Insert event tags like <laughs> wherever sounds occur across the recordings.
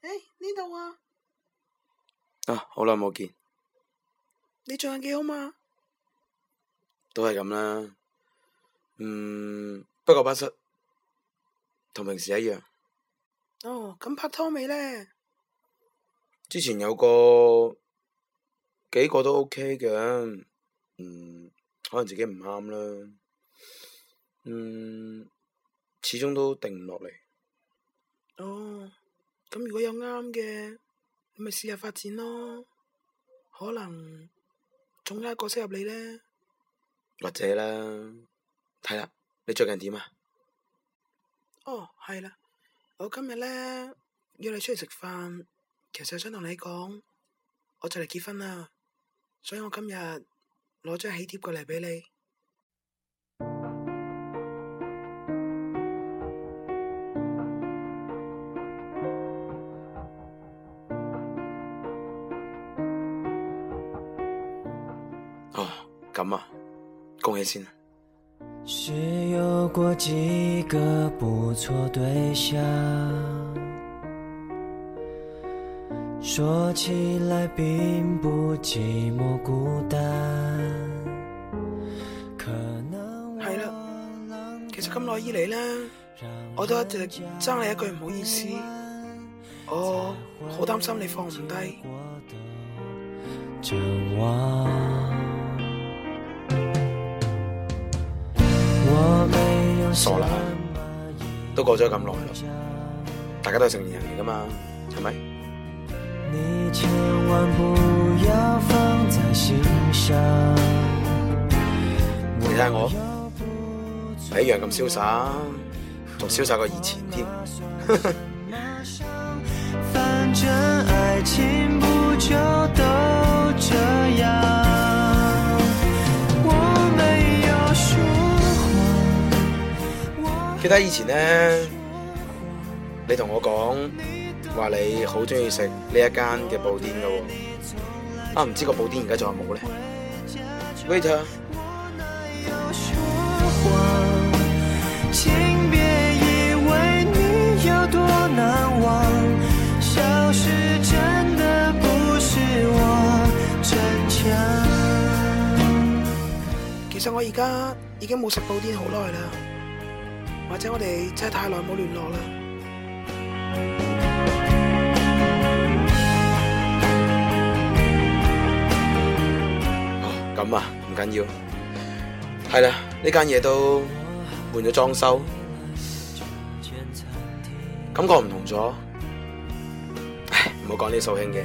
誒，呢度、hey, 啊！啊，好耐冇見，你最近幾好嘛？都係咁啦，嗯，不過不失，同平時一樣。哦，咁拍拖未呢？之前有個幾個都 OK 嘅，嗯，可能自己唔啱啦，嗯，始終都定唔落嚟。哦。咁如果有啱嘅，你咪試下發展咯。可能仲有一個適合你咧。或者啦，係啦，你最近點啊？哦，係啦，我今日咧約你出嚟食飯，其實想同你講，我就嚟結婚啦，所以我今日攞張喜帖過嚟俾你。咁啊，恭喜先啊。係啦能了，其實咁耐以嚟咧，我都一直爭你一句唔好好意思，我好擔心你放唔低。嗯傻啦，都過咗咁耐咯，大家都係成年人嚟㗎嘛，係咪？你睇下、嗯、我，一樣咁瀟灑，仲瀟灑過以前添。記得以前呢，你同我講話你好中意食呢一間嘅布丁噶，啊，唔知個布丁而家仲有冇呢？Waiter，其實我而家已經冇食布丁好耐啦。或者我哋真係太耐冇聯絡啦。哦，咁啊，唔緊要。係啦，呢間嘢都換咗裝修，感覺唔同咗。唉，唔好講呢啲掃興嘅，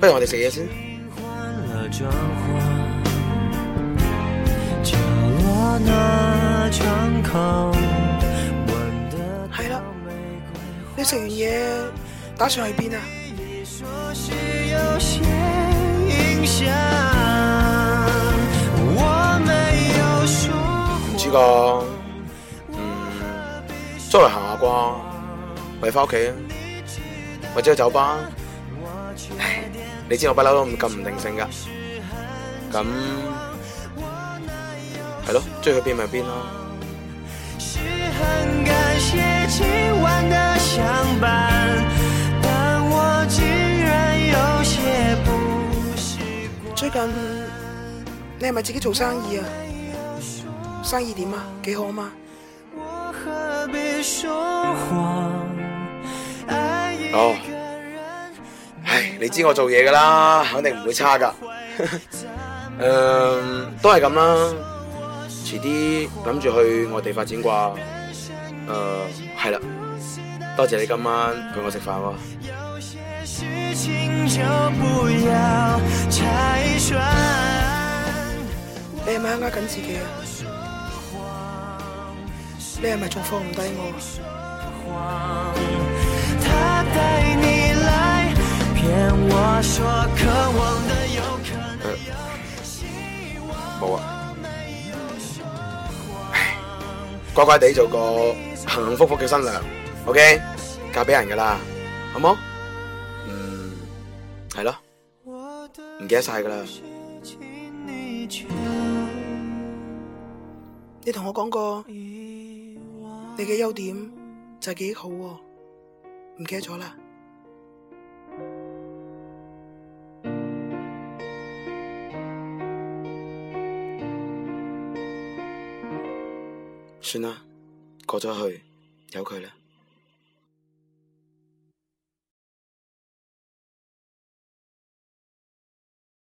不如我哋食嘢先。.你食完嘢打算去邊啊？唔知㗎，嗯，周圍行下啩，咪返屋企啊，或者去酒吧。你知道我不嬲都咁唔定性噶，咁係咯，鍾意去邊咪去邊。最近你係咪自己做生意啊？生意點啊？幾好啊嘛？哦，唉，你知我做嘢噶啦，肯定唔會差噶。嗯、 <laughs> 呃，都係咁啦。遲啲諗住去外地發展啩。誒、呃，係啦，多謝你今晚陪我食飯喎、啊。你係咪啱啱跟自己啊？你係咪仲放唔低我？冇、呃、啊！乖乖地做個幸幸福福嘅新娘，OK？嫁俾人噶啦，好冇？唔記得晒噶啦，你同我講過你嘅優點就係幾好喎，唔記得咗啦，算啦，過咗去，由佢啦。